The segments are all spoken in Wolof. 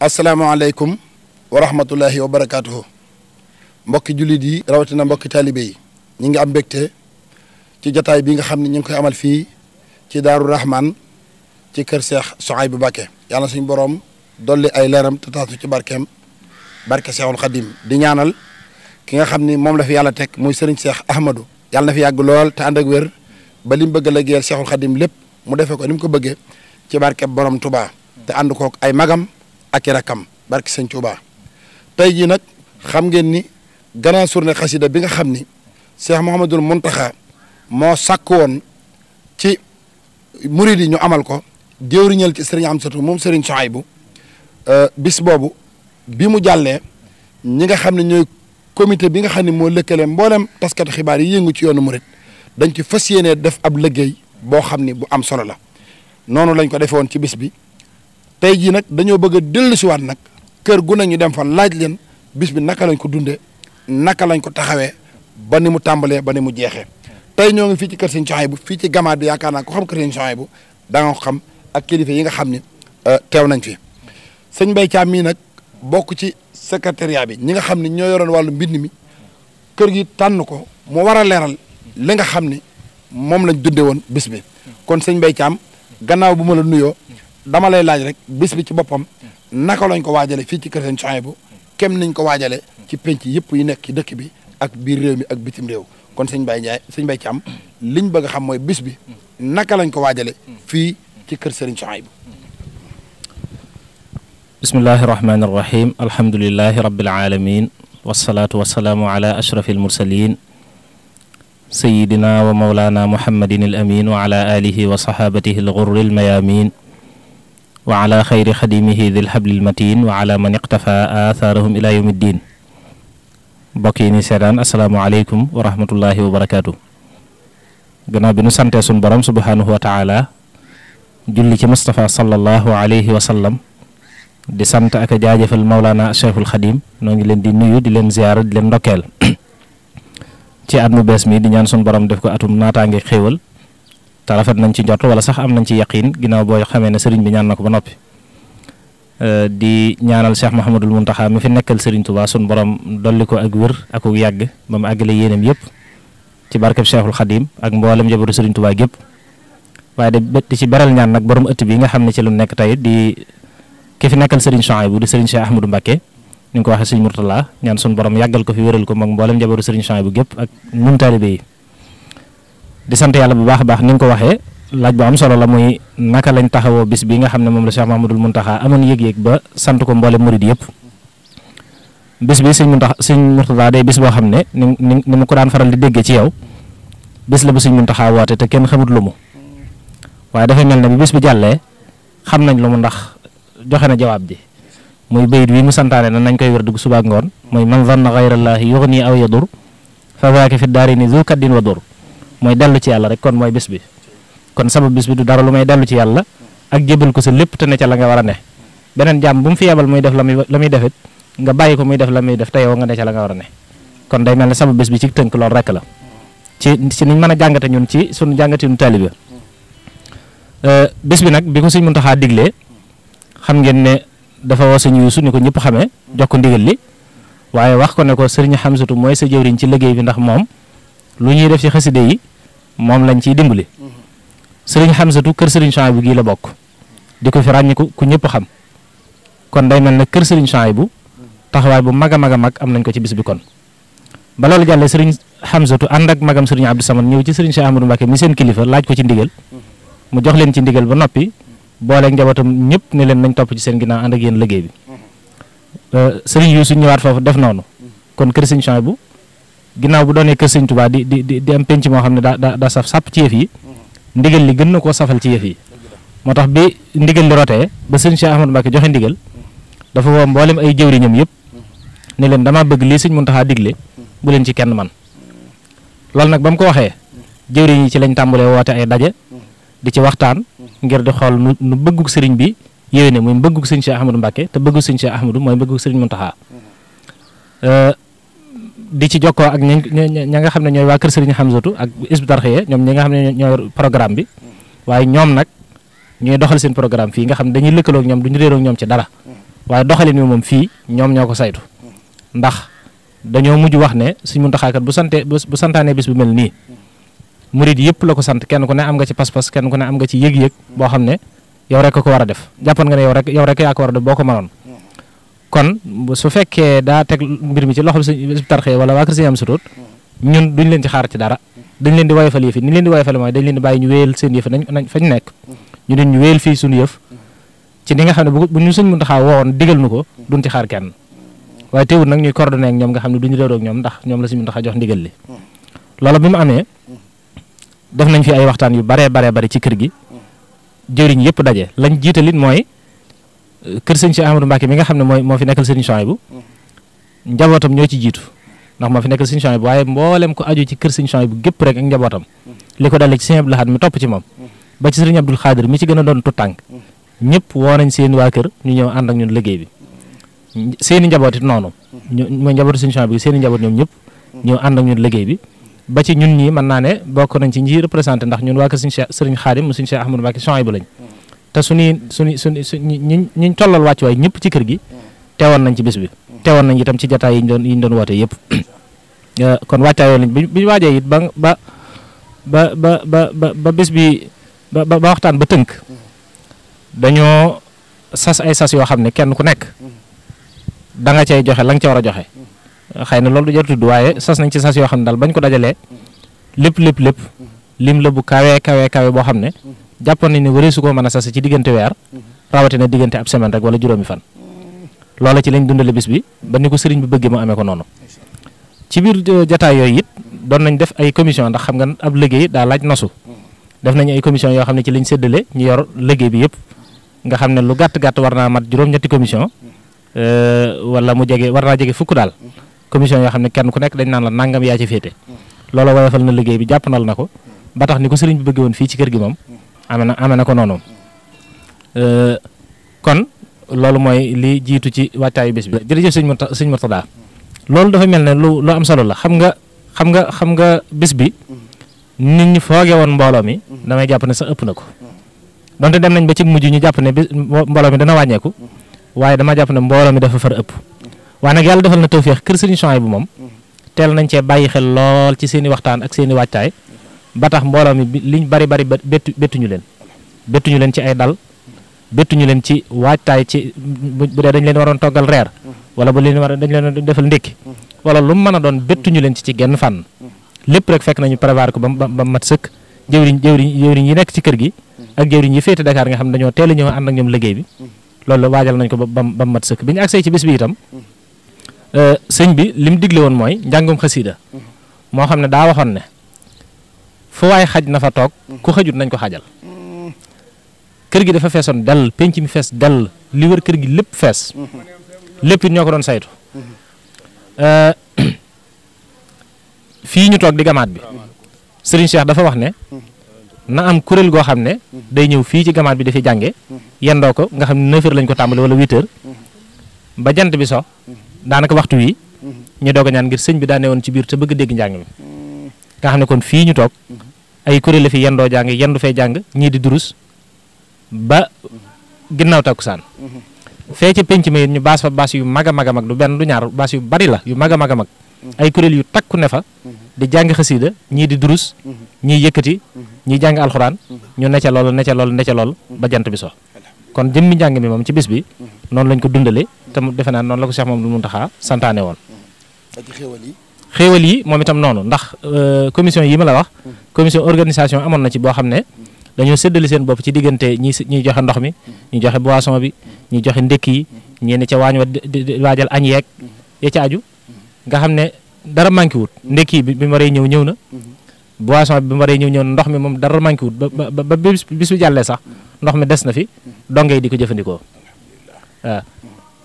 asalaamaaleykum wa rahmatullahi wa barakaatuhu mbokki jullit yi rawatina mbokki taalibe yi ñu ngi am mbégte ci jataay bi nga xam ne ngi koy amal fii ci daaru rahman ci kër seex Sohaybu Mbàkke yàlla suñu borom dolli ay leeram te taasu ci barkeem barke seexul xadim di ñaanal ki nga xam ni moom la fi yàlla teg muy sëriñ seex ahmadou yàlla na fi yàgg lool te ànd ak wér ba li bëgg la géyal seexul xadim lépp mu defee ko ni ko bëggee ci barke borom tubaa te ànd kook ay magam ak bark rakam barke sëñ Touba tay ji nak xam ngeen ni grand sourne khassida bi nga xam ni Cheikh Mouhamadul Mountakha mo sàkk ci mouride ñu amal ko ñel ci sëriñ Amsatou serigne sëriñ euh bis bobu bi mu jalle ñi nga xam ne comité bi nga xam ne moo lëkkale mboolem taskatu xibaar yi yeengu ci yoonu mouride dañ ci fassiyene def ab liggéey bo xamni bu am solo la nonu lañ ko defewon ci bis bi tey jii nag dañoo bëgg a siwaat nag kër gu ne ñu dem fa laaj leen bis bi naka lañ ko dunde naka lañ ko taxawee ba ni mu tàmbalee ba ni mu jeexee tey ñoo ngi fii ci kër Serigne Souhaïbou fii ci gamaat bi yaakaar naa ko xam kër Serigne Souhaïbou da nga xam ak kilifa yi nga xam ni euh, teew nañ fi sëñ Mbaye Thiam mii nag bokk ci secrétariat bi ñi nga xam ni ñoo yoroon wàllu mbind mi kër gi tànn ko mu war a leeral li nga xam ni moom lañ dundee woon bis bi kon sëñ Mbaye Thiam bu ma la nuyoo. dama lay laaj rek bis bi ci bopam naka lañ ko wajale fi ci kër sëñ bu kem niñ ko wajale ci penc yëpp yi nek ci dëkk bi ak bir réew mi ak bitim réew kon sëñ bay ñay sëñ Baye Thiam liñ bëgg xam moy bis bi naka lañ ko wajale fi ci kër sëriñ Souhaïbou. bismillahi rahmaani rahim alhamdulilahi rabbil alamin wasalaatu wasalaamu ala ashrafil mursalin sayidina wa mawlana muhammadin al amin wa ala alihi wa sahabatihi al wa ala xayri xadimihi dil hablil matin wa ala man iqtafa athaarahum ila yawmi ddin mbokk yi ni seetaan wa rahmatullahi wa barakaatu gannaaw bi nu sante sun borom subhanahu wa taala julli ci Moustapha sallallahu alayhi wa sallam di sant ak a jaajëfal Maulana Cheikhul Khadim noo ngi leen di nuyu di leen ziyaara di leen ndokkeel ci at bees mi di ñaan sun borom def ko atum naataange xéewal ta rafet nañ ci jot wala sax am nañ ci yaqeen ginaaw boo xamé ne serigne bi ñaan nako ba euh, di ñaanal cheikh mahamadul muntaha mi fi nekkal serigne touba sun borom doli ko ak wër ak ak yag bam àggale yéenam yépp ci barkeb cheikhul khadim ak mbolam jabaru serigne touba gep waye de ci beral ñaan nak borom ëtt bi nga xamné ci lu nekk tay di ki fi nekkal serigne di serigne cheikh ahmadou mbakke ni ko waxe serigne murtala ñaan sun borom yagal ko fi wëral ko mak mbolam jabaru serigne Chouaïbou gep ak di sant yàlla bu baax a baax ni nga ko waxee laaj bu am solo la muy naka lañ taxawoo bis bi nga xam ne moom la Cheikh Mahmadul Muntaxa amoon yëg-yëg ba sant ko mboole murid yëpp bis bi sëñ Muntaxa sëñ Murtada day bis boo xam ne ni ni mu ko daan faral di déggee ci yow bis la bu sëñ Muntaxa woote te kenn xamut lu mu waaye dafay mel ne bi bis bi jàllee xam nañ lu mu ndax joxe na jawaab ji muy bayit wi mu santaane na nañ koy wér dugg suba ak ngoon muy man zanna gayra llaahi yuxni aw yadur fa zaaka fi moy dalu ci yalla rek kon moy bisbi, bi kon sabab bisbi bi du dara lu may dellu ci yalla ak jébal ko ci lepp te ne ci la nga wara ne benen jam bu mu fi yabal moy def lamuy lamuy defet nga bayiko def lamuy def tayow nga ne ci la nga wara ne kon day melni sabab bes bi ci teunk lool rek la ci ci niñ meuna jangate ñun ci suñu jàngatinu taalibe euh, bis bi nag bi ko señ muntaha diglé xam ngeen ne dafa wa señ Yuusu niko ñepp ñëpp xamee ndigal li waye wax ko ne ko sëriñ hamzatu moy sa jeewriñ ci liggey bi ndax mom lu ñuy def ci xaside yi moom lañ ciy dimbali sëriñ Xamsatu kër sëriñ Chouaïbou gii la bokk di ko fi ràññiku ku ñëpp xam kon day mel ne kër sëriñ Chouaïbou taxawaay bu mag a mag a mag am nañ ko ci bis bi kon ba loolu jàllee sëriñ Xamsatu ànd ak magam sëriñ Abdou Samad ñëw ci sëriñ Cheikh Amadou Mbacke mi seen kilifa laaj ko ci ndigal mu jox leen ci ndigal ba noppi boole njabootam ñëpp ne leen nañ topp ci seen ginnaaw ànd ak yéen liggéey bi euh, sëriñ Youssou ginnaaw bu doonee kër sëñ Tuubaa di di di am penc moo xam ne daa daa saf sàpp ci yëf yi ndigal li gën na koo safal ci yëf yi moo tax bi ndigal li rotee ba sëñ Cheikh Ahmadou Mbacké joxe ndigal dafa woo mboolem ay jëwriñam yëpp ne leen damaa bëgg lii sëñ Muntaxa digle bu leen ci kenn man loolu nag ba mu ko waxee jëwriñ yi ci lañ tàmbalee woote ay daje di ci waxtaan ngir di xool nu nu bëggug bi yéwéne muy bëggug sëñ Cheikh Ahmadou Mbacké te bëggug sëñ Cheikh Ahmadou mooy bëggug sëriñ Muntaxa euh, di ci jokkoo ak ña nga xam ne ñooy waa kër Serigne Hamzatou ak Hizbut Tarqiyyah ñoom ñi nga xam ne ñooy programme bi waaye ñoom nag ñooy doxal seen programme fii nga xam ne dañuy lëkkaloo ak ñoom duñu réeroo ak ñoom ci dara waaye doxalin wi moom fii ñoom ñoo ko saytu ndax dañoo mujj wax ne suñ mun kat bu sante bu santaane bis bu mel nii murid yëpp la ko sant kenn ku ne am nga ci pas-pas kenn ku ne am nga ci yëg-yëg boo xam ne yow rek ko war a def jàppoon nga ne yow rek boo ko mënoon kon su fekkee daa teg mbir mi ci loxo Hizbut Tarqiyyah wala waa kër Sëñ Amsa Tuut ñun duñ leen ci xaar ci dara dañ leen di woyofal yëf yi ni leen di woyofal mooy dañ leen di bàyyi ñu wéyal seen yëf nañ nañ fañ nekk ñu ñu wéyal fii suñu ñu Sëñ Muntaxa woowoon digal nu ko duñ ci xaar kenn waaye teewul nag ñuy coordonné ñoom nga xam ne duñu réeróo ak ñoom ndax ñoom la Sëñ Muntaxa jox ndigal li loolu bi mu amee def nañ fi ay waxtaan yu baree bare bari ci kër gi jëriñ yëpp daje lañ jiitalit mooy kër sëñ Cheikh Ahmadou Mbacke mi nga xam ne mooy moo fi nekkal sëriñ Souhaïbou mm-hmm. njabootam ñoo ci jiitu ndax moo fi nekkal sëriñ Souhaïbou waaye mboolem ko aju ci kër sëriñ Souhaïbou gépp rek ak njabootam mm-hmm. li ko dalee ci sëriñ Abdou Lahad mi topp ci moom mm-hmm. ba ci a i njaboot it noonu mooy njabootu sëriñ lañ te suñuy suñu su suñu ñi ñiñ tollal wàccuwaay ñëpp ci kër gi teewoon nañ ci bés bi mm-hmm. teewoon nañ itam ci jataay yi ñu doon yi ñu euh, kon wàccaayoo nañ bi bi waajee it ba ba ba ba ba ba bés bi ba ba waxtaan ba tënk mm-hmm. dañoo sas ay sas yoo xam ne kenn ku nekk mm-hmm. danga nga cay joxe la nga ca war a joxe xëy na loolu du jar tudd waaye sas nañ ci sas yoo xam ne daal bañ ko dajalee lépp lépp lépp lim la bu kawe kawe kawe boo xam ne japon ni ne suko koo mën ci digënté wër mhm. diggante na digënté ab semaine rek wala mhm. juroomi fan loolu ci lañ dundalé bis bi ba ni ko sëriñ bi bëggee mu amé ko nonu ci bir eh, jataay yoy yit doon nañ def ay commission ndax xam nga ab liggéey da laaj nosu mhm. def nañ ay commission yo xam ci lañ sédélé ñu yor liggéey bi yépp nga xamné lu gatt gatt warna mat juroom ñetti commission eh, wala mu jégué warna jégué fukk dal commission yo kenn ku nekk dañ nan la nangam ya ci fété loolu na liggéey bi jàpp nal ba tax ni ko sëriñ bi bëggee won fi ci kër gi mom ame na na ko nonu euh, kon lolou moy li jitu ci wataay bes bi jërëjëf sëñ seigne sëñ Murtada loolu dafa melne lu lu am solo la xam nga xam nga xam nga bes bi nit ñi foge won mbolo mi damay japp ne sa ëpp nako donte dem nañ ba ci muju ñu japp ne mbolo mi dana wañeku waye dama japp ne mbolo mi dafa far ëpp wa nak yalla defal na tawfiq keur seigne Chouaïbou bu mom tel nañ ci bayyi xel lol ci seeni waxtaan ak seeni wataay ba tax mbooloo mi liñ bari bari bettu bettuñu leen bettuñu leen ci ay dal bettuñu leen ci waajtaay ci bu dee dañ leen waroon toggal reer wala bu leen war dañ leen defal ndékki wala lu mu mën a doon bettuñu leen ci ci genn fànn lépp rek fekk nañu prévoir ko ba ba mat sëkk jëwriñ jëwriñ jëwriñ yi nekk ci kër gi ak jëwriñ yi féete Dakar nga xam ne dañoo teel a ñëw ànd ak ñoom liggéey bi loolu waajal nañ ko ba ba mat sëkk bi ñu agsee ci bis bi itam euh, bi li mu digle woon mooy njàngum xasiida moo xam ne daa waxoon ne fu waaye xaj na fa toog mhm. ku xajut nañ ko xajal kër gi dafa feesoon dell penc mi fees dell li wër kër gi lépp fees mhm. lépp ñoo ko doon saytu mhm. euh, fii ñu toog di gamaat bi Serigne Cheikh dafa wax ne na am kuréel goo xam ne day ñëw fii ci gamaat bi dafay jànge yendoo ko nga xam ne neuf heures lañ ko tàmbali wala huit ba jant bi so daanaka waxtu wi ñu doog a ñaan ngir sëñ bi daane woon ci biir te bëgg dégg njàng mi nga xam ne kon fii ñu toog ay kurel fi yendo jang yendo fe jang ñi di durus ba ginnaw takusan mhm. fe ci penc me ñu baas fa baas yu maga maga mag du ben du ñaar baas yu bari la yu maga maga mag mhm. ay kurel yu takku nefa mhm. di jang khasida ñi di durus ñi yekati ñi jang alquran ñu ne lol loolu lol ca lol ba jant bi so kon jëmmi jang mi mom ci bis bi non lañ ko dundale te defena non la ko Cheikh mom du xéewal yi moom itam noonu ndax euh, commission yii ma la wax commission organisation amoon na ci boo xam ne dañoo séddale seen bopp ci diggante ñi ñuy joxe ndox mi ñu joxe boisson bi ñu joxe ndékki yi ñenn ca waañ wa waajal añ yeeg ya ca nga xam ne dara manqué wut ndékki bi bi mu ñëw ñëw na boisson bi bi mu waree ñëw ñëw na ndox mi moom dara manqué wut ba ba bis bi jàllee sax ndox mi des na fi dongay di ko jëfandikoo waaw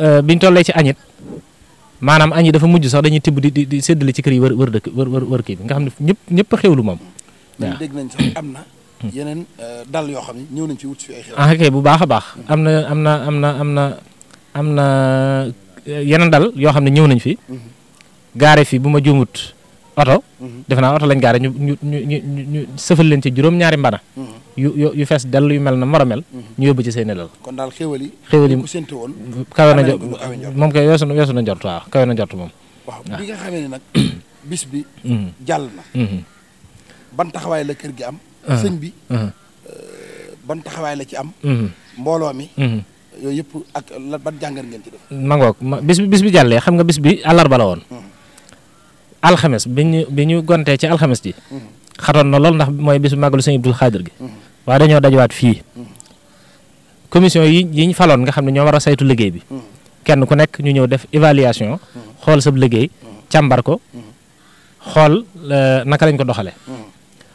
euh, biñ tollee ci añit maanaam añ yi dafa mujj sax dañuy tibb di di di séddale ci kër yi wër wër dëkk wër wër kii nga xam ne ñëpp ñëpp a xewlu moom. waaw dégg am na. yeneen euh, dal yoo xam ne ñëw nañ fi wut ah, bu baax baax. am na am na am na am na am na euh, yeneen dal yoo xam ne ñëw nañ fi. Mhm. gaare fi bu ma juumut oto mhm. defe naa oto lañ gaare ñu ñu ñu ñu ñu sëfal leen ci juróom-ñaari mbana mhm. yu yu fees dell yu mel na moro mel mhm. ñu yóbbu ci seen lal kon daal xéwal yi xéwal yi kawe na jot moom kay weesu na weesu na jot waaw kawe na jot moom waaw bi bis bi jàll na ban taxawaay la kër gi am uh-huh. sëñ bi uh-huh. euh, ban taxawaay la ci am mbooloo mi yooyu yëpp ak ban jàngat ngeen ci def bi bis bi jàllee xam nga bis bi àllarba la woon alxames biñu biñu gonté ci alxames di xatoon na lol ndax moy bisu màggalu seigne Abdul khadir gi waaye dañoo dajawaat fi commission yi yiñ falon nga xamni ño wara saytu liggéey bi kenn ku nek ñu ñew def évaluation xol sa liggéey càmbar ko xol euh, naka lañ ko doxale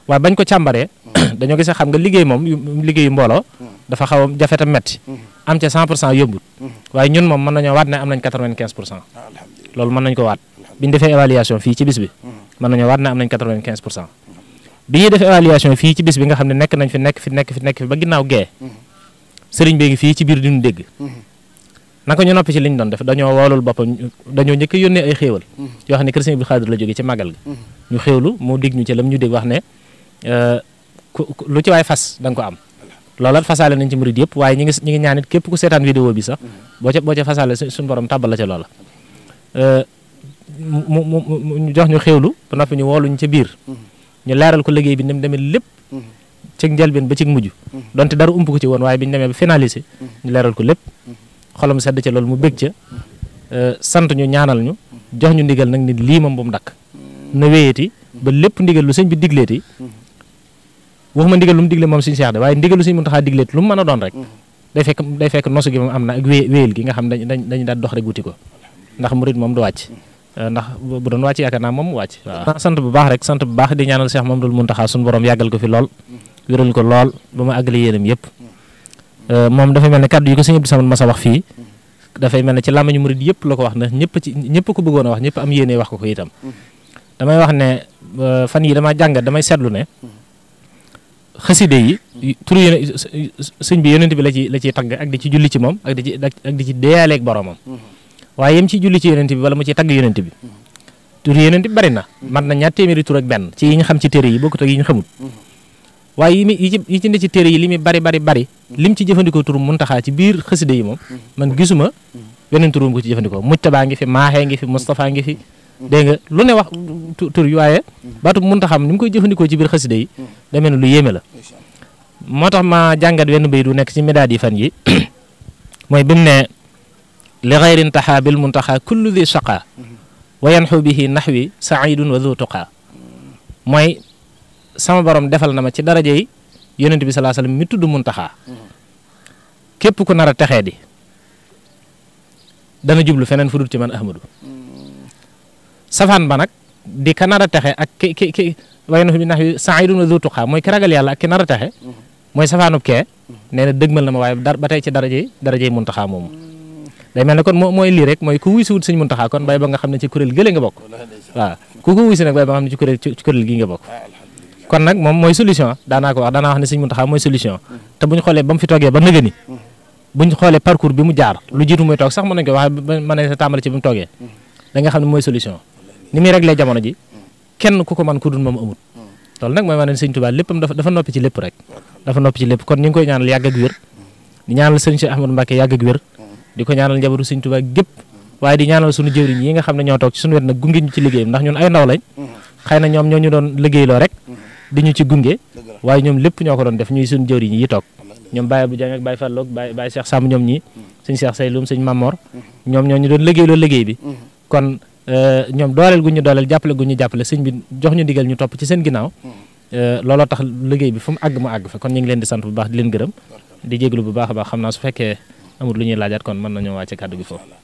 wa bañ ko càmbaree dañu gisé xam nga liggéey mom liggéeyu mbolo dafa xaw jafeta metti am ci 100 yobut waye ñun mom mën nañu wat né am nañ 95 pour mën nañ ko wat bi ñu defee évaluation fii ci bis bi mën nañoo war na am nañ 95 pour cent bi ñuy def évaluation fii ci bis bi nga xam ne nekk nañ fi nekk fi nekk fi nekk fi ba ginnaaw gee sëriñ bi ngi fii ci biir di dégg naka ñu noppi ci liñ doon def dañoo woolul boppam dañoo njëkk yónnee ay xéewal yoo xam ne kër sëriñ Abdou la jóge ci màggal ga ñu xéewlu moo dégg ñu ci lam ñu dégg wax ne euh, lu ci waay fas da ko am loola fasaale nañ ci mu mu ñu jox ñu xéwlu ba noppi ñu wooluñ ca biir mm-hmm. ñu leeral ko liggéey bi ni mu demee lépp mm-hmm. ci njëlbeen ba ci mujj mm-hmm. donte dara ump ko ci woon waaye bi ñu demee ba finalisé ñu leeral ko lépp xolam sedd ca loolu mu bég ca euh, sant ñu ñaanal ñu jox ñu ndigal nag ni lii moom bu mu dakk na wéyati ba lépp ndigal lu sëñ bi digleeti waxuma ndigal lu mu digle moom suñu seex de waaye ndigal lu sëñ Muntaxa digleeti lu mu mën a doon rek day fekk day fekk nosu gi moom am na ak wéyal gi nga xam dañ dañ dañu daal dox rek wuti ko ndax murit moom du wàcc Euh, ndax bu doon wàcc yaakaar naa moom wàcc waaw ah, sant bu baax rek sant bu baax di ñaanal Cheikh Mamadou Mountakha suñu borom yàggal ko fi lool wéral ko lool ba ma àggale yéenam yëpp euh, moom dafa mel ne kàddu yi ko sëñ Abdou Samad Massa wax fii dafay mel ne ci làmmiñu murid yëpp la ko wax ndax ñëpp ci ñëpp ko bëggoon a yonent bi la ci tagg ak di ci julli ci moom ak di ci ak di waaye yem ci julli ci yonent bi wala mu ci tagg yonent bi tur yonent bi bari na mat na ñaar téeméeri tur ak benn ci yi ñu xam ci téere yi bokkut ak yi ñu xamul waaye yi mi yi ci yi ci ne ci téere yi li bari bari bari lim ci jëfandikoo tur muntaxaa ci biir xasida yi moom man gisuma beneen turum ko ci jëfandikoo mujtabaa ngi fi maaxee ngi fi mustapha ngi fi dégg nga lu ne wax tur yu waaye baatu muntaxam ni mu koy jëfandikoo ci biir xasida yi demee na lu yéeme la moo tax ma jàngat wenn bay du nekk ci médaade yi fan yi mooy li xayri ntaxaa bil muntaxaa kullu di saqaa wayanxu bihi naxwi saidun wa du tuqaa mooy sama borom defal na ma ci daraja yi yonent bi salaa sallam mi tudd muntaxaa képp ku nar a texee di dana jublu feneen fu dul ci man ahmadu safaan ba nag di ka nar a texe ak ki ki ki wayanxu bi naxwi saidun wa du tuqaa mooy ki ragal yàlla ak ki nar a texe mooy safaanub kee nee na dëgmal na ma waaye ba tey ci daraja yi daraja yi muntaxaa moomu day xam ne mooy solution ni mu jaar lu jiitu da nga xam ne ji kenn ku ko mën ku dul moom amut loolu nag mooy maanaam sëñ Tuubaa léppam dafa dafa ci lépp kon ñu koy ñaanal yàgg ak wér di ñaanal sëñ Cheikh Ahmadou Mbacké yàgg ak wér di ko ñaanal njabaru Sëñ Tuubaa gépp waaye di ñaanal suñu jëwriñ yi nga xam ne ñoo toog ci suñu wet nag gunge ñu ci liggéey ndax ñun ay ndaw lañ xëy na ñoom ñoo ñu doon liggéeyloo rek di ñu ci gunge waaye ñoom lépp ñoo ko doon def ñuy suñu jëwriñ yi toog ñoom Baye Abdou Diagne ak Baye Falloog Baye Baye Cheikh Samb ñoom ñi suñ Cheikh Sayloum suñ Mamor ñoom ñoo ñu doon liggéeyloo liggéey bi kon euh, ñoom dooleel gu ñu dooleel jàppale gu ñu jàppale sëñ bi jox ñu digal ñu topp euh, ñu ngi leen di sant bu baax di leen gërëm di jéglu a su fekkee amul lu ñuy laajaat kon mën nañoo wàcce kàddu gi foofu.